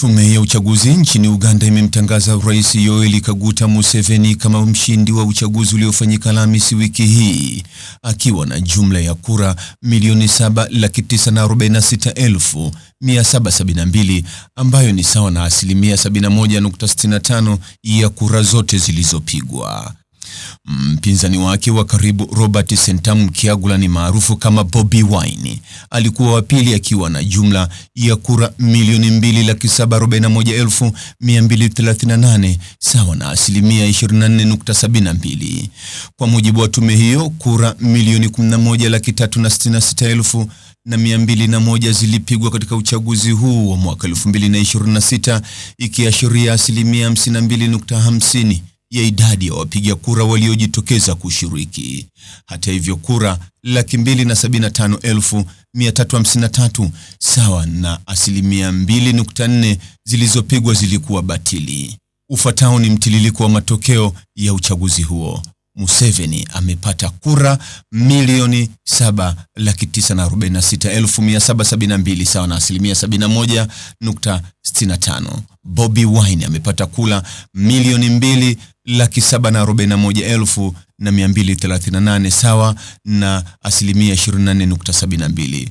Tume ya uchaguzi nchini Uganda imemtangaza Rais Yoweri Kaguta Museveni kama mshindi wa uchaguzi uliofanyika Alhamisi wiki hii, akiwa na jumla ya kura milioni 7,946,772 ambayo ni sawa na asilimia 71.65 ya kura zote zilizopigwa. Mpinzani wake wa karibu Robert Sentamu kiagula ni maarufu kama Bobi Wine alikuwa wa pili akiwa na jumla ya kura milioni mbili laki saba arobaini na moja elfu mia mbili thelathini na nane sawa na asilimia 24.72. Kwa mujibu wa tume hiyo, kura milioni 11 laki tatu na sitini na sita elfu na mia mbili na moja zilipigwa katika uchaguzi huu wa mwaka 2026 ikiashiria asilimia 52.50 ya idadi ya wapiga kura waliojitokeza kushiriki. Hata hivyo, kura laki mbili na sabini na tano elfu mia tatu hamsini na tatu sawa na asilimia mbili nukta nne zilizopigwa zilikuwa batili. Ufuatao ni mtiririko wa matokeo ya uchaguzi huo. Museveni amepata kura milioni saba laki tisa na arobaini na sita elfu mia saba sabini na mbili sawa na asilimia sabini na moja nukta sitini na tano. Bobi Wine amepata kura milioni mbili laki saba na arobaini na moja elfu na mia mbili thelathini na nane sawa na asilimia ishirini na nne nukta sabini na mbili.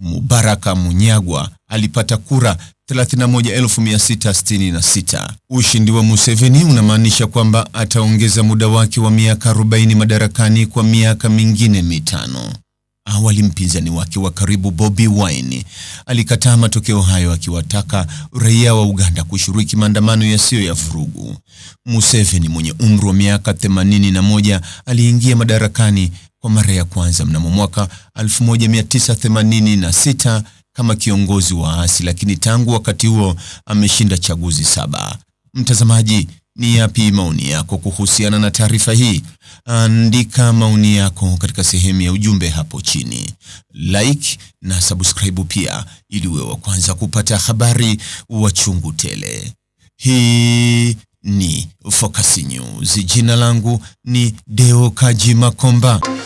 Mubaraka Munyagwa alipata kura 31666. Ushindi wa Museveni unamaanisha kwamba ataongeza muda wake wa miaka 40 madarakani kwa miaka mingine mitano. Awali mpinzani wake wa karibu Bobi Wine alikataa matokeo hayo akiwataka raia wa Uganda kushiriki maandamano yasiyo ya vurugu. Museveni mwenye umri wa miaka 81 aliingia madarakani kwa mara ya kwanza mnamo mwaka 1986 kama kiongozi wa waasi, lakini tangu wakati huo ameshinda chaguzi saba. Mtazamaji, ni yapi maoni yako kuhusiana na taarifa hii? Andika maoni yako katika sehemu ya ujumbe hapo chini, like na subscribe pia, ili uwe wa kwanza kupata habari wa chungu tele. Hii ni Focus News. Jina langu ni Deo Kaji Makomba.